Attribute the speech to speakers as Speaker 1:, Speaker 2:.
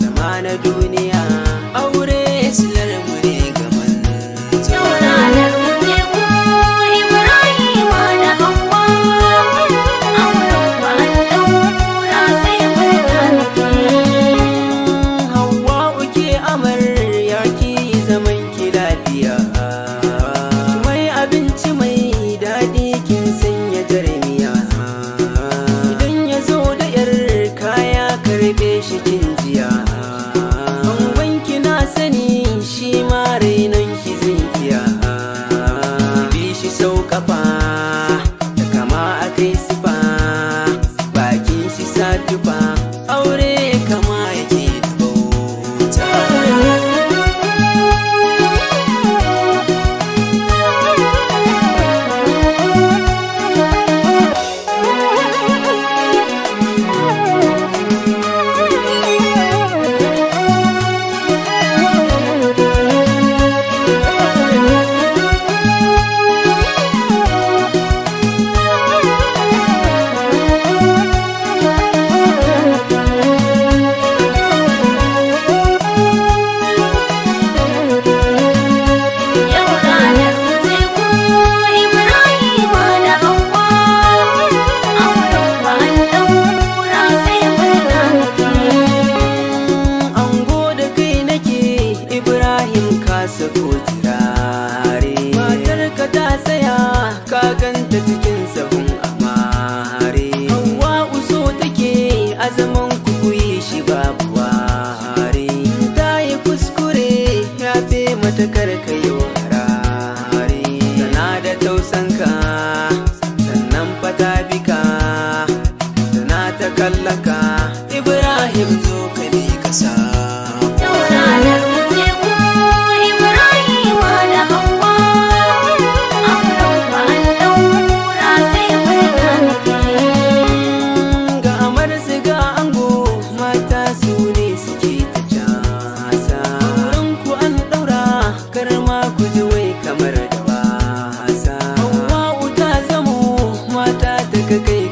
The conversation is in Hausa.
Speaker 1: zama na duniya aure silar mu ta cikin sabon amare Hawwa uso take azama guji wai kamar da wasa. Hawwa ta zamo mata daga kai